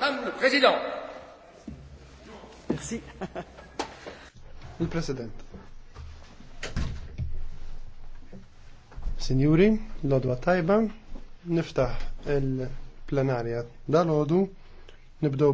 Madame le Président. Merci. Il-President. Signori, l-odwa tajba, niftaħ il-plenarja dal-ħodu, nibdow